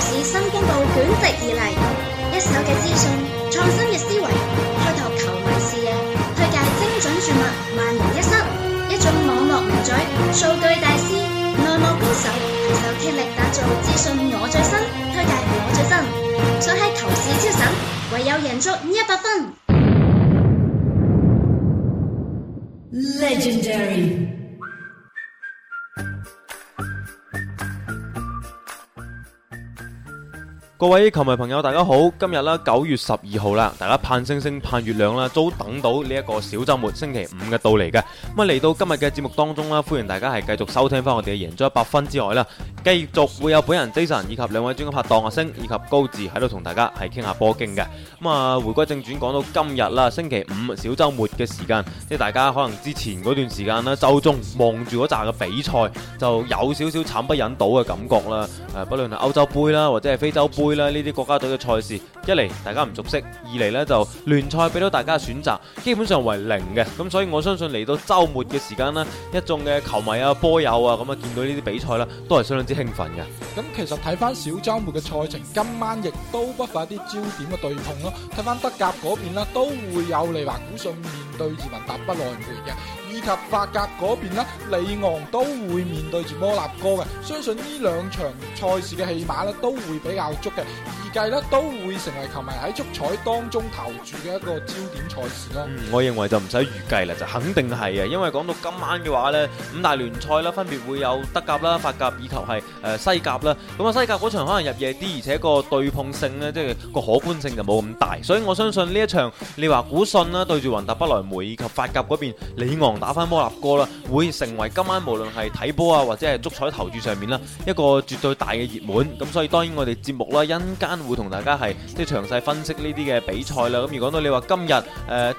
是新公布捲席而嚟，一手嘅資訊，創新嘅思維，開拓球迷視野，推介精準注物，萬無一失。一種網絡名嘴，數據大師，內幕高手，攜手傾力打造資訊我最新，推介我最新，想喺球市超神，唯有贏足一百分。Legendary。各位球迷朋友，大家好！今日啦，九月十二號啦，大家盼星星盼月亮啦，都等到呢一個小周末星期五嘅到嚟嘅。咁啊，嚟到今日嘅節目當中啦，歡迎大家係繼續收聽翻我哋嘅贏足 100FUN 之外啦，繼續會有本人 Jason 以及兩位專家拍檔阿星以及高志喺度同大家係傾下波經嘅。咁啊，回歸正傳，講到今日啦，星期五小周末嘅時間，即係大家可能之前嗰段時間啦，周中望住嗰扎嘅比賽，就有少少慘不忍睹嘅感覺啦。誒，不論係歐洲杯啦，或者係非洲杯。啦呢啲國家隊嘅賽事，一嚟，大家唔熟悉，二嚟咧就聯賽俾到大家選擇，基本上為零嘅，咁所以我相信嚟到周末嘅時間咧，一眾嘅球迷啊、波友啊，咁啊見到呢啲比賽啦，都係相當之興奮嘅。咁其實睇翻小周末嘅賽程，今晚亦都不乏啲焦點嘅對碰咯。睇翻德甲嗰邊啦，都會有利華古遜面對移民達不來梅嘅。以及法甲嗰邊咧，里昂都會面對住摩納哥嘅，相信呢兩場賽事嘅戲碼咧都會比較足嘅，預計咧都會成為球迷喺足彩當中投注嘅一個焦點賽事咯。嗯，我認為就唔使預計啦，就肯定係啊，因為講到今晚嘅話咧，五大聯賽啦分別會有德甲啦、法甲以及係誒西甲啦，咁啊西甲嗰場可能入夜啲，而且個對碰性咧即係個可觀性就冇咁大，所以我相信呢一場利華古遜啦對住雲達不來梅以及法甲嗰邊里昂。打翻摩納哥啦，會成為今晚無論係睇波啊或者係足彩投注上面啦一個絕對大嘅熱門。咁所以當然我哋節目啦，一陣間會同大家係即係詳細分析呢啲嘅比賽啦。咁如果到你話今日誒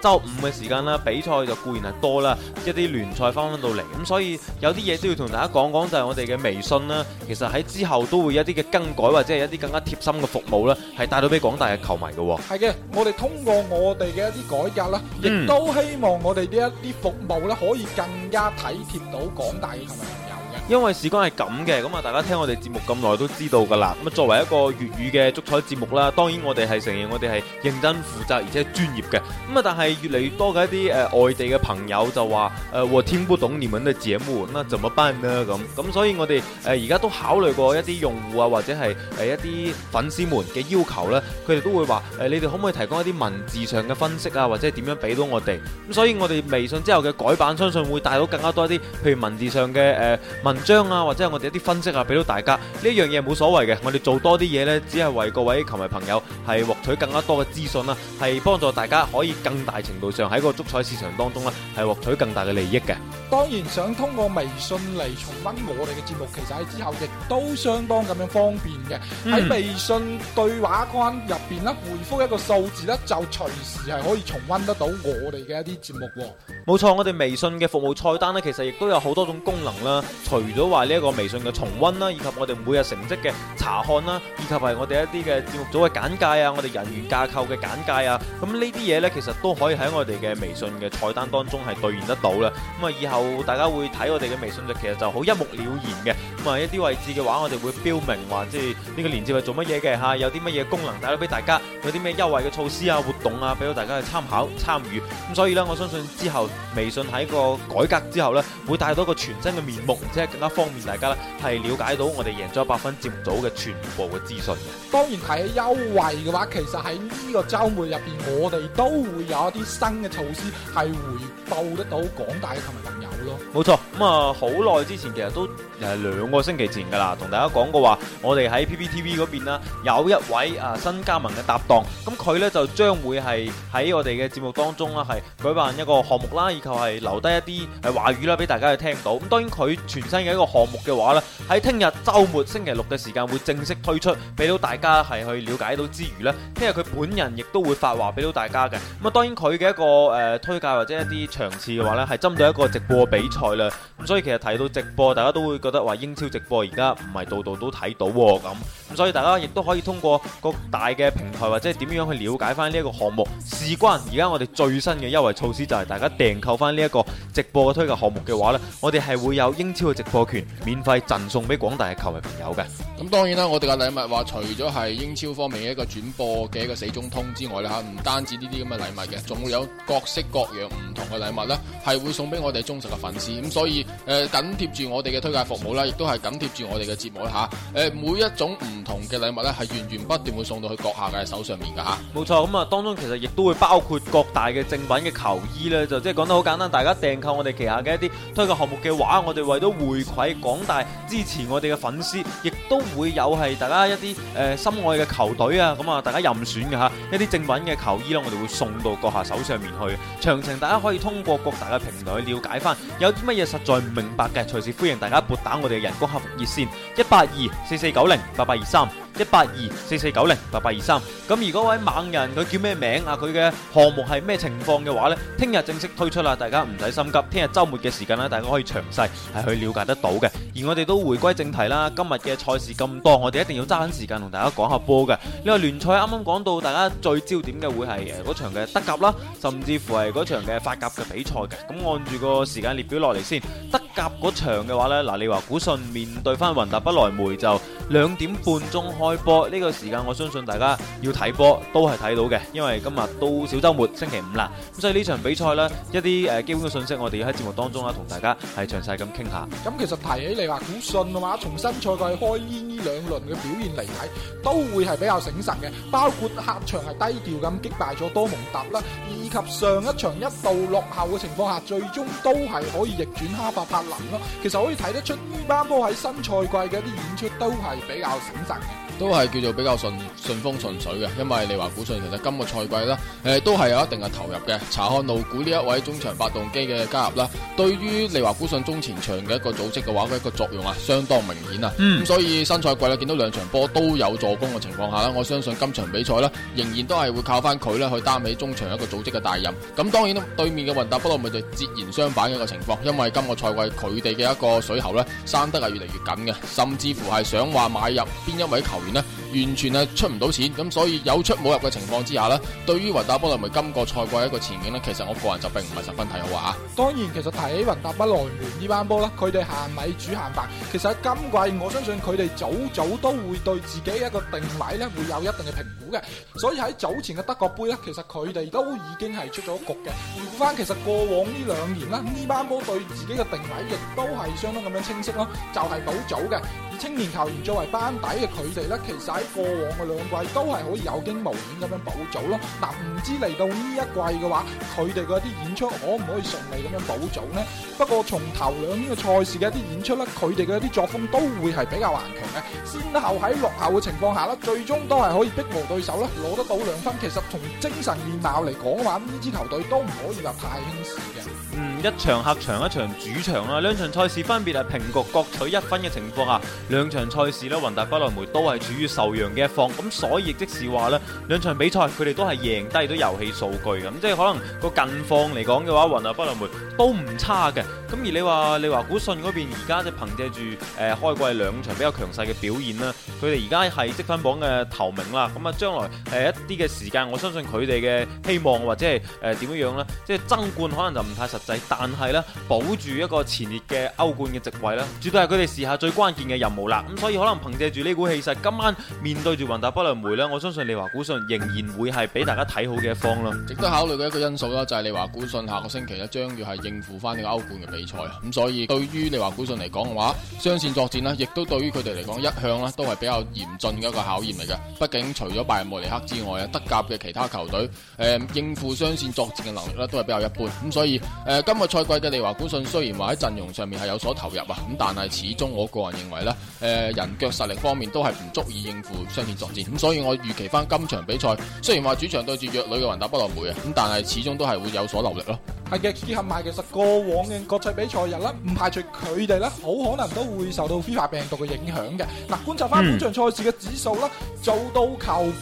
周五嘅時間啦，比賽就固然係多啦，一啲聯賽返返到嚟。咁所以有啲嘢都要同大家講講，就係我哋嘅微信啦。其實喺之後都會有一啲嘅更改或者係一啲更加貼心嘅服務啦，係帶到俾廣大嘅球迷嘅。係嘅，我哋通過我哋嘅一啲改革啦，亦都希望我哋呢一啲服務咧。可以更加體貼到廣大嘅球迷。因為事關係咁嘅，咁啊大家聽我哋節目咁耐都知道㗎啦。咁啊作為一個粵語嘅足彩節目啦，當然我哋係承認我哋係認真負責而且專業嘅。咁啊但係越嚟越多嘅一啲誒外地嘅朋友就話誒我聽不懂你們嘅節目啦，怎麼辦呢？咁咁所以我哋誒而家都考慮過一啲用戶啊或者係誒一啲粉絲們嘅要求咧，佢哋都會話誒你哋可唔可以提供一啲文字上嘅分析啊或者點樣俾到我哋？咁所以我哋微信之後嘅改版相信會帶到更加多一啲，譬如文字上嘅誒文，呃張啊，或者係我哋一啲分析啊，俾到大家呢樣嘢冇所謂嘅。我哋做多啲嘢，呢只係為各位球迷朋友係獲取更加多嘅資訊啦，係幫助大家可以更大程度上喺個足彩市場當中呢，係獲取更大嘅利益嘅。當然，想通過微信嚟重溫我哋嘅節目，其實喺之後亦都相當咁樣方便嘅。喺微信對話框入邊呢，回覆一個數字呢，就隨時係可以重溫得到我哋嘅一啲節目。冇錯，我哋微信嘅服務菜單呢，其實亦都有好多種功能啦，隨。如果話呢一個微信嘅重溫啦，以及我哋每日成績嘅查看啦，以及係我哋一啲嘅節目組嘅簡介啊，我哋人員架構嘅簡介啊，咁呢啲嘢呢，其實都可以喺我哋嘅微信嘅菜單當中係兌現得到啦。咁啊，以後大家會睇我哋嘅微信就其實就好一目了然嘅。咁啊，一啲位置嘅話，我哋會標明話，即係呢個鏈接係做乜嘢嘅吓，有啲乜嘢功能，帶到俾大家，有啲咩優惠嘅措施啊、活動啊，俾到大家去參考參與。咁所以咧，我相信之後微信喺個改革之後咧，會帶到個全新嘅面目，即係更加方便大家咧，係了解到我哋贏足 100FUN 節目組嘅全部嘅資訊嘅。當然提起優惠嘅話，其實喺呢個週末入邊，我哋都會有一啲新嘅措施係回報得到廣大嘅球迷朋友咯。冇錯，咁啊好耐之前其實都誒兩。個星期前噶啦，同大家講過的話，我哋喺 PPTV 嗰邊啦，有一位啊新加盟嘅搭檔，咁佢呢，就將會係喺我哋嘅節目當中啦，係舉辦一個項目啦，以及係留低一啲係話語啦，俾大家去聽到。咁當然佢全新嘅一個項目嘅話呢，喺聽日週末星期六嘅時間會正式推出，俾到大家係去了解到之餘呢，聽日佢本人亦都會發話俾到大家嘅。咁啊，當然佢嘅一個誒、呃、推介或者一啲場次嘅話呢，係針對一個直播比賽啦。咁所以其實提到直播，大家都會覺得話應。英超直播而家唔係度度都睇到，咁咁所以大家亦都可以通過各大嘅平台或者點樣去了解翻呢一個項目。事關而家我哋最新嘅優惠措施就係大家訂購翻呢一個直播嘅推介項目嘅話咧，我哋係會有英超嘅直播權免費贈送俾廣大嘅球迷朋友嘅。咁當然啦，我哋嘅禮物話除咗係英超方面嘅一個轉播嘅一個死忠通之外咧吓，唔單止呢啲咁嘅禮物嘅，仲會有各式各樣唔同嘅禮物咧，係會送俾我哋忠實嘅粉絲。咁所以誒緊貼住我哋嘅推介服務啦，亦都係係緊貼住我哋嘅節目吓，誒，每一種唔同嘅禮物咧，係源源不斷會送到去閣下嘅手上面噶吓。冇錯，咁啊當中其實亦都會包括各大嘅正品嘅球衣咧，就即係講得好簡單，大家訂購我哋旗下嘅一啲推介項目嘅話，我哋為咗回饋廣大支持我哋嘅粉絲。亦都會有係大家一啲誒，心愛嘅球隊啊，咁啊大家任選嘅吓一啲正品嘅球衣啦，我哋會送到閣下手上面去。詳情大家可以通過各大嘅平台去了解翻。有啲乜嘢實在唔明白嘅，隨時歡迎大家撥打我哋嘅人工客服熱線一八二四四九零八八二三。一八二四四九零八八二三，咁如果位猛人佢叫咩名啊？佢嘅項目係咩情況嘅話呢？聽日正式推出啦，大家唔使心急，聽日周末嘅時間呢，大家可以詳細係去了解得到嘅。而我哋都回歸正題啦，今日嘅賽事咁多，我哋一定要揸緊時間同大家講下波嘅。呢個聯賽啱啱講到，大家最焦點嘅會係誒嗰場嘅德甲啦，甚至乎係嗰場嘅法甲嘅比賽嘅。咁按住個時間列表落嚟先，德甲嗰場嘅話呢，嗱，你話古信面對翻雲達不來梅就。兩點半鐘開波，呢個時間我相信大家要睇波都係睇到嘅，因為今日到小週末星期五啦，咁所以呢場比賽呢，一啲誒基本嘅信息，我哋要喺節目當中啦同大家係詳細咁傾下。咁其實提起你話古信嘅話，從新賽季開呢呢兩輪嘅表現嚟睇，都會係比較醒神嘅，包括客場係低調咁擊敗咗多蒙特啦，以及上一場一度落後嘅情況下，最終都係可以逆轉哈伯柏林咯。其實可以睇得出呢班波喺新賽季嘅一啲演出都係。比較選擇都係叫做比較順順風順水嘅，因為利華古遜其實今個賽季咧，誒、呃、都係有一定嘅投入嘅。查看路古呢一位中場發動機嘅加入啦，對於利華古遜中前場嘅一個組織嘅話，佢一個作用啊相當明顯啊。咁、嗯、所以新賽季咧見到兩場波都有助攻嘅情況下啦，我相信今場比賽咧仍然都係會靠翻佢咧去擔起中場一個組織嘅大任。咁當然啦，對面嘅雲達不魯咪就是截然相反嘅一個情況，因為今個賽季佢哋嘅一個水喉咧生得係越嚟越緊嘅，甚至乎係想話。買入邊一位球員呢？完全係出唔到錢，咁所以有出冇入嘅情況之下咧，對於雲達不萊梅今個賽季一個前景咧，其實我個人就並唔係十分睇好啊。當然，其實睇雲達不萊梅呢班波咧，佢哋限米煮限飯。其實喺今季，我相信佢哋早早都會對自己一個定位咧，會有一定嘅評估嘅。所以喺早前嘅德國杯咧，其實佢哋都已經係出咗局嘅。回顧翻其實過往呢兩年啦，呢班波對自己嘅定位亦都係相當咁樣清晰咯，就係保組嘅。而青年球員作為班底嘅佢哋咧，其實過往嘅兩季都係可以有驚無險咁樣保組咯，嗱，唔知嚟到呢一季嘅話，佢哋嘅啲演出可唔可以順利咁樣保組呢？不過從頭兩天嘅賽事嘅一啲演出咧，佢哋嘅一啲作風都會係比較頑強嘅。先後喺落後嘅情況下咧，最終都係可以逼和對手啦，攞得到兩分。其實從精神面貌嚟講嘅話，呢支球隊都唔可以話太輕視嘅。嗯，一場客場，一場主場啦，兩場賽事分別係平局各取一分嘅情況下，兩場賽事咧，雲達不來梅都係處於受。培養嘅一方，咁所以即是話咧，兩場比賽佢哋都係贏低咗遊戲數據，咁即係可能個近況嚟講嘅話，雲達、啊、不萊梅都唔差嘅。咁而你話你話古信嗰邊而家即係憑借住誒開季兩場比較強勢嘅表現他們現啦，佢哋而家係積分榜嘅頭名啦。咁啊將來誒、呃、一啲嘅時間，我相信佢哋嘅希望或者係誒點樣樣咧，即係爭冠可能就唔太實際，但係呢，保住一個前列嘅歐冠嘅席位啦，絕對係佢哋時下最關鍵嘅任務啦。咁、啊、所以可能憑借住呢股氣勢，今晚。面對住雲達不萊梅咧，我相信利華古信仍然會係俾大家睇好嘅一方咯。值得考慮嘅一個因素啦，就係利華古信下個星期咧將要係應付翻呢個歐冠嘅比賽啊。咁所以對於利華古信嚟講嘅話，雙線作戰呢亦都對於佢哋嚟講一向咧都係比較嚴峻嘅一個考驗嚟嘅。畢竟除咗拜莫尼克之外啊，德甲嘅其他球隊誒、呃、應付雙線作戰嘅能力咧都係比較一般。咁所以誒、呃、今個賽季嘅利華古信雖然話喺陣容上面係有所投入啊，咁但係始終我個人認為呢，誒、呃、人腳實力方面都係唔足以應付。互相見作戰，咁所以我預期翻今場比賽，雖然話主場對住弱旅嘅雲達不萊梅啊，咁但係始終都係會有所留力咯。係嘅，結合埋其實過往嘅國際比賽日啦，唔排除佢哋咧好可能都會受到 FIFA 病毒嘅影響嘅。嗱，觀察翻本場賽事嘅指數啦，嗯，做到球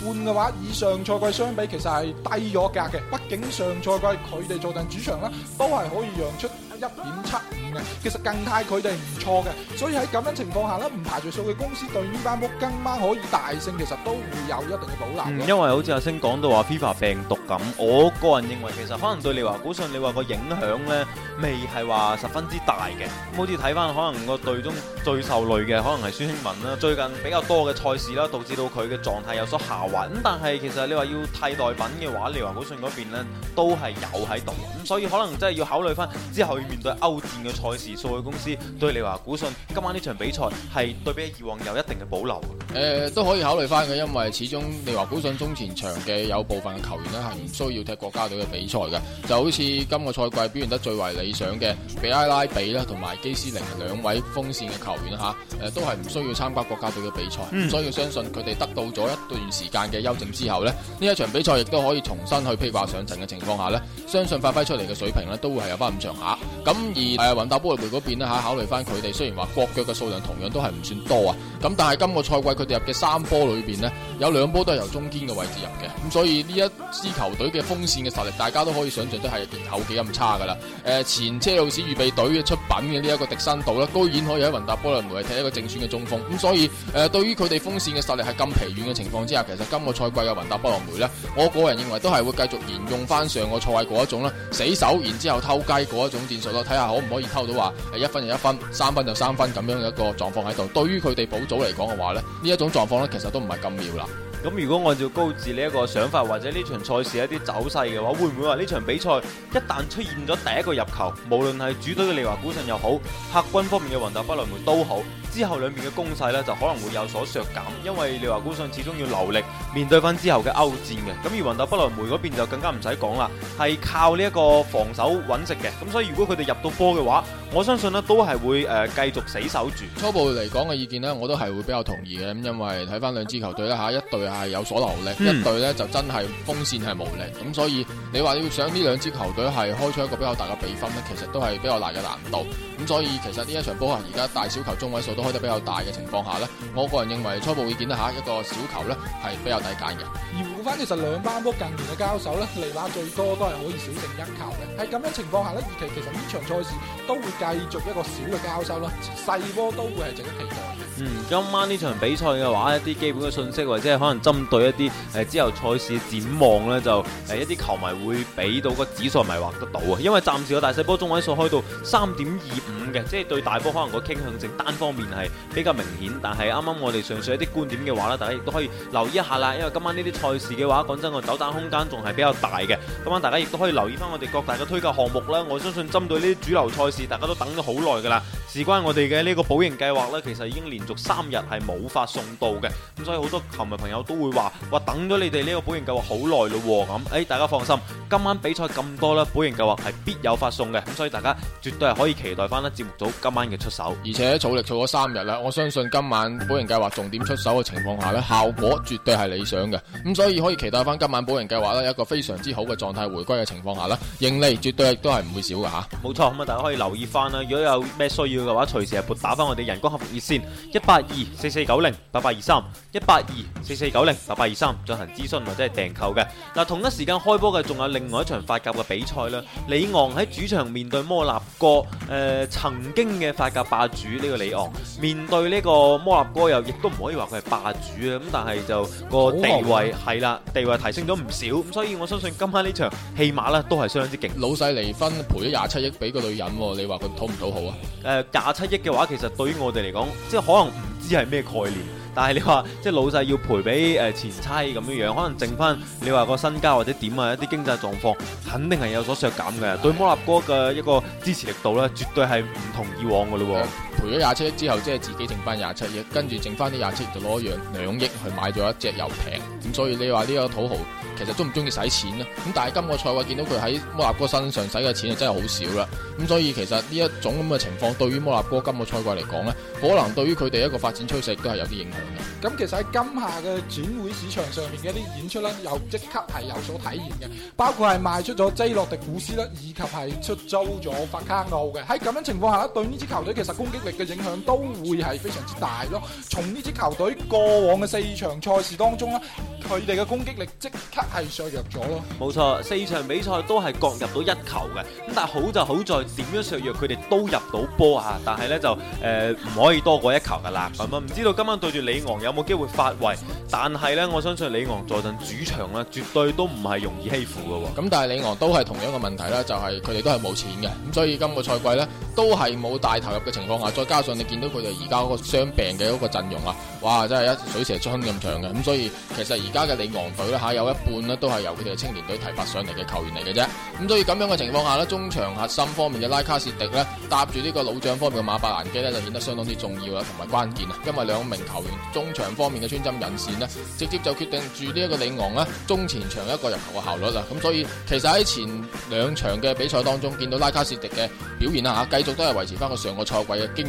半嘅話，以上賽季相比其實係低咗格嘅，畢竟上賽季佢哋坐緊主場啦，都係可以讓出。一點七五嘅，其實近態佢哋唔錯嘅，所以喺咁樣情況下呢，唔排除數據公司對呢班屋今晚可以大勝，其實都會有一定嘅保留、嗯。因為好似阿星講到話 FIFA 病毒咁，我個人認為其實可能對利華古遜你話個影響呢未係話十分之大嘅、嗯。好似睇翻可能個隊中最受累嘅，可能係孫興文啦。最近比較多嘅賽事啦，導致到佢嘅狀態有所下滑。咁但係其實你話要替代品嘅話，利華古遜嗰邊呢都係有喺度。咁所以可能真係要考慮翻之後。面對歐戰嘅賽事，數據公司對利華古遜今晚呢場比賽係對比以往有一定嘅保留、呃。誒都可以考慮翻嘅，因為始終利華古遜中前場嘅有部分嘅球員咧係唔需要踢國家隊嘅比賽嘅，就好似今個賽季表現得最為理想嘅比拉拉比啦同埋基斯寧兩位鋒線嘅球員嚇，誒都係唔需要參加國家隊嘅比賽、嗯，所以相信佢哋得到咗一段時間嘅休整之後咧，呢一場比賽亦都可以重新去披掛上陣嘅情況下咧，相信發揮出嚟嘅水平咧都會係有翻咁上下。咁而誒、呃、雲達波洛會嗰邊咧嚇、啊，考慮翻佢哋雖然話國腳嘅數量同樣都係唔算多啊，咁但係今個賽季佢哋入嘅三波裏邊咧，有兩波都係由中堅嘅位置入嘅，咁所以呢一支球隊嘅鋒線嘅實力，大家都可以想象都係有幾咁差噶啦。誒、呃、前車路士預備隊嘅出咁嘅呢一個迪生道咧，居然可以喺雲達波蘭梅踢一個正選嘅中鋒，咁所以誒，對於佢哋鋒線嘅實力係咁疲軟嘅情況之下，其實今個賽季嘅雲達波蘭梅呢，我個人認為都係會繼續沿用翻上個賽季嗰一種啦，死守，然之後偷雞嗰一種戰術咯，睇下可唔可以偷到話一分就一分，三分就三分咁樣嘅一個狀況喺度。對於佢哋補組嚟講嘅話呢，呢一種狀況呢，其實都唔係咁妙啦。咁如果按照高智呢一個想法或者呢場賽事一啲走勢嘅話，會唔會話呢場比賽一旦出現咗第一個入球，無論係主隊嘅利華古遜又好，客軍方面嘅雲達不萊梅都好，之後兩邊嘅攻勢咧就可能會有所削減，因為你話估上始終要留力面對翻之後嘅歐戰嘅，咁而雲達不萊梅嗰邊就更加唔使講啦，係靠呢一個防守穩陣嘅，咁所以如果佢哋入到波嘅話，我相信呢都係會誒繼、呃、續死守住。初步嚟講嘅意見呢，我都係會比較同意嘅，咁因為睇翻兩支球隊咧吓，一隊係有所留力，嗯、一隊呢就真係鋒線係無力，咁所以你話要想呢兩支球隊係開出一個比較大嘅比分呢，其實都係比較大嘅難度，咁所以其實呢一場波啊，而家大小球中位數，都開得比較大嘅情況下咧，我個人認為初步意見啦吓，一個小球咧係比較抵揀嘅。而回顧返，其實兩班波近年嘅交手咧，起碼最多都係可以小勝一球咧。喺咁樣情況下咧，預期其，其實呢場賽事都會繼續一個小嘅交手啦，細波都會係值得期待。嗯、今晚呢場比賽嘅話，一啲基本嘅訊息或者係可能針對一啲、呃、之後賽事展望呢，就、呃、一啲球迷會俾到個指數迷惑得到啊。因為暫時個大細波中位數開到三點二五嘅，即係對大波可能個傾向性單方面係比較明顯。但係啱啱我哋上述一啲觀點嘅話，大家亦都可以留意一下啦。因為今晚呢啲賽事嘅話，講真個走單空間仲係比較大嘅。今晚大家亦都可以留意翻我哋各大嘅推介項目啦。我相信針對呢啲主流賽事，大家都等咗好耐㗎啦。事關我哋嘅呢個保贏計劃呢，其實已經連續三日係冇發送到嘅，咁所以好多球迷朋友都會話話等咗你哋呢個保營計劃好耐嘞。咁，誒大家放心，今晚比賽咁多啦，保營計劃係必有發送嘅，咁所以大家絕對係可以期待翻呢節目組今晚嘅出手，而且儲力儲咗三日啦，我相信今晚保營計劃重點出手嘅情況下呢，效果絕對係理想嘅，咁所以可以期待翻今晚保營計劃呢，一個非常之好嘅狀態回歸嘅情況下呢，盈利絕對都係唔會少噶吓，冇錯。咁啊，大家可以留意翻啦，如果有咩需要嘅話，隨時係撥打翻我哋人工客服熱線一八二四四九零八八二三，一八二四四九零八八二三進行咨詢或者係訂購嘅。嗱，同一時間開波嘅仲有另外一場法甲嘅比賽啦。李昂喺主場面對摩納哥，誒、呃，曾經嘅法甲霸主呢、呢個李昂面對呢個摩納哥又亦都唔可以話佢係霸主好好啊。咁但係就個地位係啦，地位提升咗唔少。咁所以我相信今晚呢場呢場戲碼呢都係相當之勁。老細離婚賠咗廿七億俾個女人、哦，你話佢討唔討好啊？誒、呃，廿七億嘅話，其實對於我哋嚟講，即係可。可能唔知係咩概念，但係你話即係老細要賠俾誒前妻咁樣樣，可能剩翻你話個身家或者點啊，一啲經濟狀況，肯定係有所削減嘅，對摩納哥嘅一個支持力度咧，絕對係唔同以往嘅咯。賠咗廿七億之後，即係自己剩翻廿七億，跟住剩翻啲廿七億就攞樣兩億去買咗一隻遊艇。咁所以你話呢個土豪其實鍾唔鍾意使錢咧？咁但係今個賽季見到佢喺摩納哥身上使嘅錢就真係好少啦。咁所以其實呢一種咁嘅情況對於摩納哥今個賽季嚟講呢可能對於佢哋一個發展趨勢都係有啲影響嘅。咁其實喺今夏嘅轉會市場上面嘅一啲演出呢，又即刻係有所體現嘅，包括係賣出咗 J 洛迪古斯啦，以及係出租咗法卡奧嘅。喺咁樣情況下咧，對呢支球隊其實攻擊。嘅影響都會係非常之大咯。從呢支球隊過往嘅四場賽事當中呢，佢哋嘅攻擊力即刻係削弱咗咯。冇錯，四場比賽都係各入到一球嘅。咁但係好就好在點樣削弱佢哋都入到波吓！但係呢就誒唔、呃、可以多過一球噶啦。咁、嗯、啊，唔知道今晚對住李昂有冇機會發圍？但係呢我相信李昂坐陣主場呢，絕對都唔係容易欺負嘅喎。咁但係李昂都係同樣嘅問題啦，就係佢哋都係冇錢嘅。咁所以今個賽季呢，都係冇大投入嘅情況下。再加上你見到佢哋而家嗰個傷病嘅嗰個陣容啊，哇！真係一水蛇春咁長嘅，咁所以其實而家嘅里昂隊咧，吓有一半咧都係由佢哋嘅青年隊提拔上嚟嘅球員嚟嘅啫。咁所以咁樣嘅情況下咧，中場核心方面嘅拉卡士迪咧，搭住呢個老將方面嘅馬伯蘭基咧，就顯得相當之重要啦，同埋關鍵啊，因為兩名球員中場方面嘅穿針引線咧，直接就決定住這呢一個里昂咧中前場一個入球嘅效率啦。咁所以其實喺前兩場嘅比賽當中，見到拉卡士迪嘅表現啊吓繼續都係維持翻個上個賽季嘅經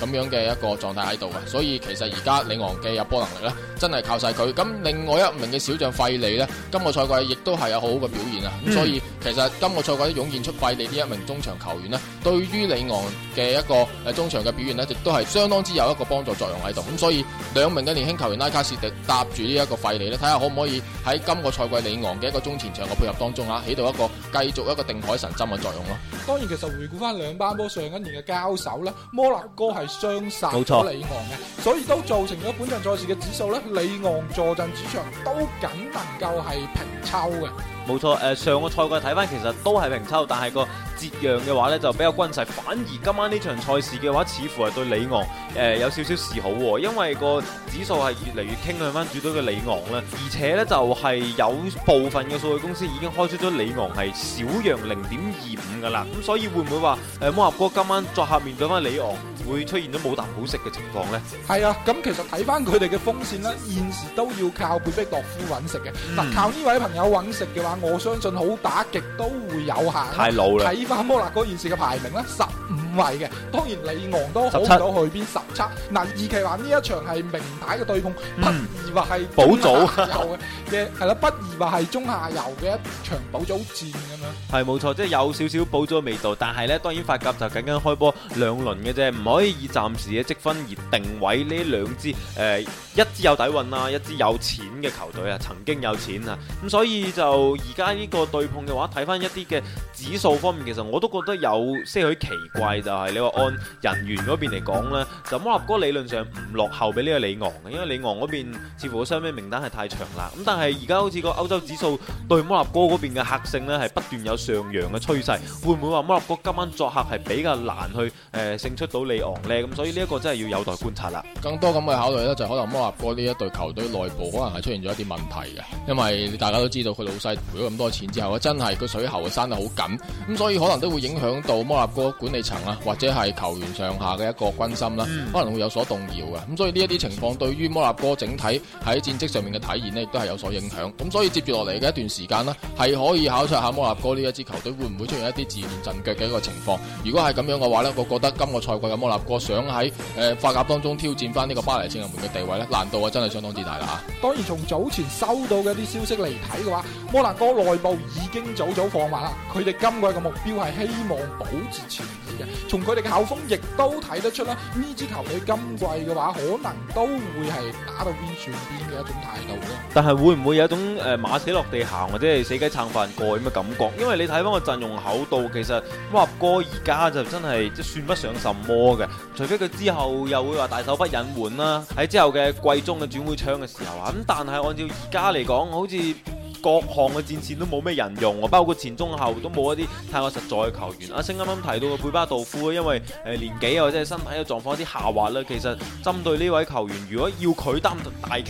咁樣嘅一個狀態喺度嘅，所以其實而家里昂嘅入波能力咧，真係靠晒佢。咁另外一名嘅小將費利呢，今個賽季亦都係有好好嘅表現啊。咁、嗯、所以其實今個賽季湧現出費利呢一名中場球員呢，對於里昂嘅一個誒中場嘅表現呢，亦都係相當之有一個幫助作用喺度。咁所以兩名嘅年輕球員拉卡士迪搭住呢一個費利呢，睇下可唔可以喺今個賽季里昂嘅一個中前場嘅配合當中啊，起到一個繼續一個定海神針嘅作用咯。當然，其實回顧翻兩班波上一年嘅交手呢，摩納哥係。雙殺冇錯，里昂嘅，所以都造成咗本場賽事嘅指數咧，里昂坐鎮主場都僅能夠係平抽嘅。冇錯，誒、呃、上個賽季睇翻其實都係平抽，但係個揭讓嘅話咧就比較均勢，反而今晚呢場賽事嘅話，似乎係對李昂誒、呃、有少少示好喎、哦，因為個指數係越嚟越傾向翻主隊嘅李昂啦，而且咧就係、是、有部分嘅數據公司已經開出咗李昂係小讓零點二五噶啦，咁、嗯、所以會唔會話誒摩納哥今晚再下面對翻李昂會出現咗冇啖好食嘅情況咧？係啊，咁其實睇翻佢哋嘅鋒線咧，現時都要靠貝弗洛夫揾食嘅，嗱、嗯、靠呢位朋友揾食嘅話。我相信好打極都會有限。太老啦。睇翻摩納哥現時嘅排名啦，十五位嘅，當然李昂都好唔到去邊，十七。嗱，與其話呢一場係明牌嘅對碰，不如話係保組嘅嘅，係啦，不如話係中下游嘅、嗯、一場保組戰咁樣。係冇錯，即、就、係、是、有少少保組味道，但係呢，當然法甲就緊緊開波兩輪嘅啫，唔可以以暫時嘅積分而定位呢兩支誒、呃、一支有底蘊啊，一支有錢嘅球隊啊，曾經有錢啊。咁所以就而家呢個對碰嘅話，睇返一啲嘅指數方面，其實我都覺得有些許奇怪。就係、是、你話按人員嗰邊嚟講咧，就摩納哥理論上唔落後俾呢個里昂嘅，因為里昂嗰邊似乎嘅傷兵名單係太長啦。咁但係而家好似個歐洲指數對摩納哥嗰邊嘅客勝呢，係不斷有上揚嘅趨勢，會唔會話摩納哥今晚作客係比較難去誒、呃、勝出到里昂呢？咁所以呢一個真係要有待觀察啦。更多咁嘅考慮咧，就是可能摩納哥呢一隊球隊內部可能係出現咗一啲問題嘅，因為大家都知道佢老細賠咗咁多錢之後啊，真係個水喉生得好緊，咁所以可能都會影響到摩納哥管理層啊。或者係球員上下嘅一個軍心啦，可能會有所動搖嘅。咁所以呢一啲情況對於摩納哥整體喺戰績上面嘅體現呢，亦都係有所影響。咁所以接住落嚟嘅一段時間咧，係可以考察下摩納哥呢一支球隊會唔會出現一啲自亂陣腳嘅一個情況。如果係咁樣嘅話呢，我覺得今個賽季嘅摩納哥想喺誒法甲當中挑戰翻呢個巴黎聖日門嘅地位呢，難度啊真係相當之大啦吓。當然，從早前收到嘅一啲消息嚟睇嘅話，摩納哥內部已經早早放話啦。佢哋今季嘅目標係希望保持前二嘅。從佢哋嘅口風亦都睇得出啦，呢支球隊今季嘅話可能都會係打到邊算邊嘅一種態度咯。但係會唔會有一種誒馬死落地行或者係死雞撐飯蓋咁嘅感覺？因為你睇翻個陣容厚度，其實華哥而家就真係即算不上什麼嘅，除非佢之後又會話大手筆引援啦。喺之後嘅季中嘅轉會窗嘅時候啊，咁但係按照而家嚟講，好似。各項嘅戰線都冇咩人用，包括前中後都冇一啲太過實在嘅球員。阿星啱啱提到嘅貝巴道夫，因為誒年紀或者身體嘅狀況一啲下滑啦。其實針對呢位球員，如果要佢擔大旗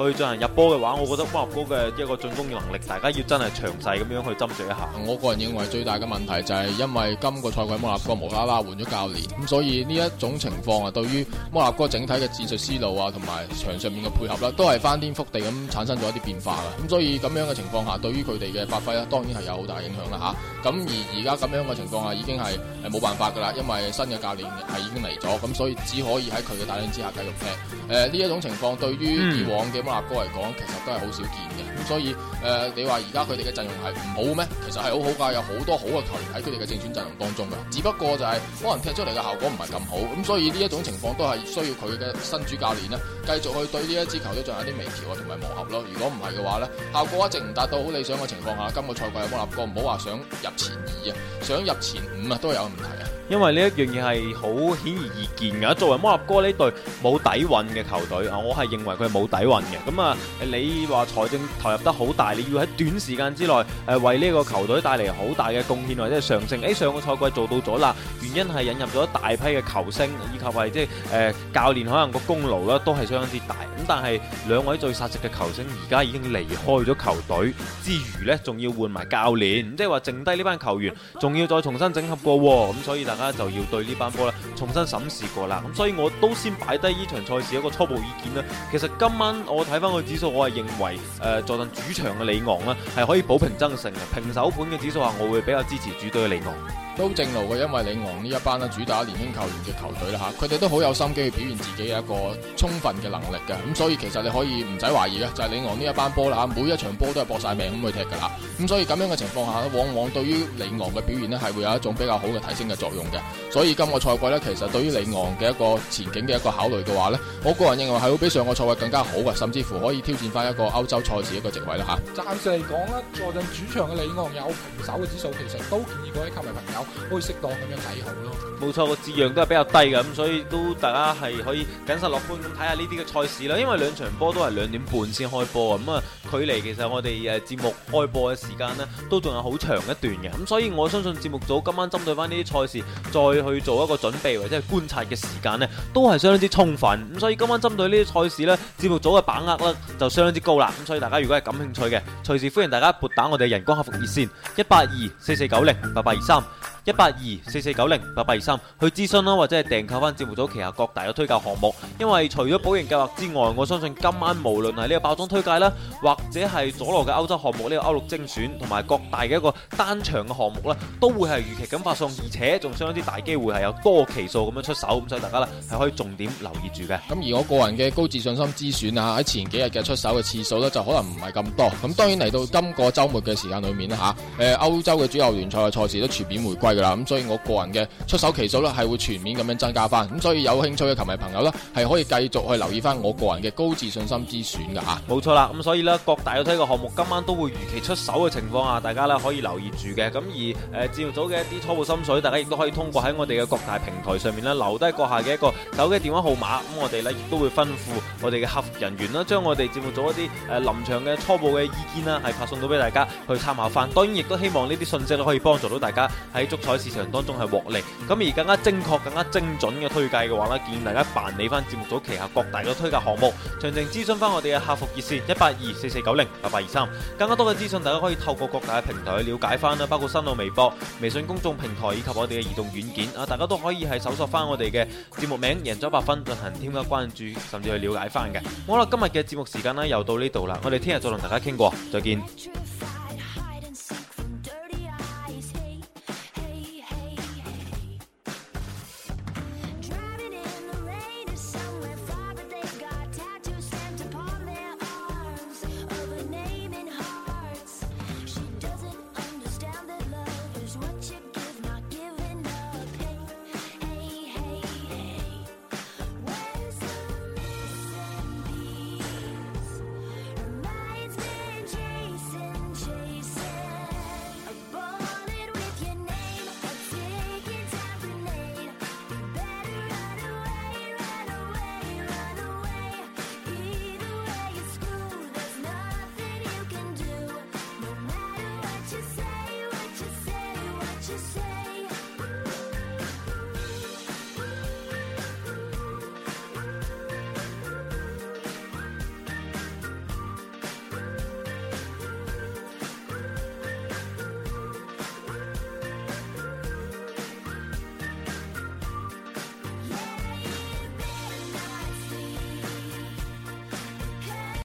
去進行入波嘅話，我覺得摩納哥嘅一個進攻嘅能力，大家要真係詳細咁樣去斟酌一下。我個人認為最大嘅問題就係因為今個賽季摩納哥無啦啦換咗教練，咁所以呢一種情況啊，對於摩納哥整體嘅戰術思路啊，同埋場上面嘅配合啦，都係翻天覆地咁產生咗一啲變化啦。咁所以咁樣嘅。情況下，對於佢哋嘅發揮咧，當然係有好大影響啦嚇。咁、啊、而而家咁樣嘅情況下，已經係係冇辦法噶啦，因為新嘅教練係已經嚟咗，咁所以只可以喺佢嘅帶領之下繼續踢。誒呢一種情況，對於以往嘅摩納哥嚟講，其實都係好少見嘅。咁所以誒、呃，你話而家佢哋嘅陣容係唔好咩？其實係好好噶，有好多好嘅球員喺佢哋嘅正選陣容當中噶。只不過就係、是、可能踢出嚟嘅效果唔係咁好。咁所以呢一種情況都係需要佢嘅新主教練咧，繼續去對呢一支球隊進行一啲微調啊，同埋磨合咯。如果唔係嘅話咧，效果一直達到好理想嘅情況下，今個賽季有冇立過，唔好話想入前二啊，想入前五啊，都有問題啊！因為呢一樣嘢係好顯而易見噶，作為摩納哥呢隊冇底蘊嘅球隊，我係認為佢係冇底蘊嘅。咁啊，你話財政投入得好大，你要喺短時間之內誒為呢個球隊帶嚟好大嘅貢獻，或者係上升？誒、哎、上個賽季做到咗啦，原因係引入咗一大批嘅球星，以及係即係誒教練可能個功勞啦，都係相當之大。咁但係兩位最殺食嘅球星而家已經離開咗球隊之餘呢，仲要換埋教練，即係話剩低呢班球員仲要再重新整合過。咁所以就要對呢班波啦重新審視過啦，咁所以我都先擺低呢場賽事一個初步意見啦。其實今晚我睇翻個指數，我係認為誒坐陣主場嘅李昂啦係可以保平爭勝嘅平手盤嘅指數下，我會比較支持主隊嘅李昂。都正路嘅，因為李昂呢一班主打年輕球員嘅球隊啦吓，佢哋都好有心機去表現自己嘅一個充分嘅能力嘅，咁所以其實你可以唔使懷疑嘅，就係李昂呢一班波啦，每一場波都係搏晒命咁去踢噶吓，咁所以咁樣嘅情況下，往往對於李昂嘅表現咧係會有一種比較好嘅提升嘅作用。所以今個賽季咧，其實對於里昂嘅一個前景嘅一個考慮嘅話呢，我個人認為係會比上個賽季更加好嘅，甚至乎可以挑戰翻一個歐洲賽事一個席位啦吓。暫時嚟講咧，坐陣主場嘅里昂有平手嘅指數，其實都建議各位球迷朋友可以適當咁樣睇好咯。冇錯，個字樣都係比較低嘅，咁所以都大家係可以謹慎樂觀咁睇下呢啲嘅賽事啦。因為兩場波都係兩點半先開波啊，咁啊，距離其實我哋誒節目開播嘅時間呢，都仲有好長一段嘅，咁所以我相信節目組今晚針對翻呢啲賽事。再去做一個準備或者係觀察嘅時間呢，都係相當之充分。咁所以今晚針對呢啲賽事呢，節目組嘅把握呢，就相當之高啦。咁所以大家如果係感興趣嘅，隨時歡迎大家撥打我哋人工客服熱線一八二四四九零八八二三。一八二四四九零八八二三去諮詢啦，或者係訂購翻節目組旗下各大嘅推介項目。因為除咗保營計劃之外，我相信今晚無論係呢個爆莊推介啦，或者係佐羅嘅歐洲項目，呢、這個歐陸精選同埋各大嘅一個單場嘅項目啦，都會係如期咁發送。而且仲相當之大機會係有多期數咁樣出手，咁所以大家呢係可以重點留意住嘅。咁而我個人嘅高自信心之選啊，喺前幾日嘅出手嘅次數呢，就可能唔係咁多。咁當然嚟到今個周末嘅時間裏面咧吓，誒歐洲嘅主要聯賽嘅賽事都全面回歸。咁所以我個人嘅出手期數咧係會全面咁樣增加翻，咁所以有興趣嘅球迷朋友呢，係可以繼續去留意翻我個人嘅高自信心之選嘅吓，冇錯啦，咁所以呢，各大有推出嘅項目今晚都會如期出手嘅情況下，大家呢可以留意住嘅，咁而誒，節目組嘅一啲初步心水，大家亦都可以通過喺我哋嘅各大平台上面呢，留低閣下嘅一個手機電話號碼，咁我哋呢亦都會吩咐我哋嘅客服人員啦，將我哋節目組一啲誒臨場嘅初步嘅意見呢，係發送到俾大家去參考翻，當然亦都希望呢啲信息都可以幫助到大家喺菜市場當中係獲利，咁而更加精確、更加精準嘅推介嘅話咧，建議大家辦理翻節目組旗下各大嘅推介項目，詳情諮詢翻我哋嘅客服熱線一八二四四九零八八二三，更加多嘅資訊大家可以透過各大嘅平台去了解翻啦，包括新浪微博、微信公眾平台以及我哋嘅移動軟件啊，大家都可以係搜索翻我哋嘅節目名《贏足 100FUN》進行添加關注，甚至去了解翻嘅。好啦，今日嘅節目時間咧又到呢度啦，我哋聽日再同大家傾過，再見。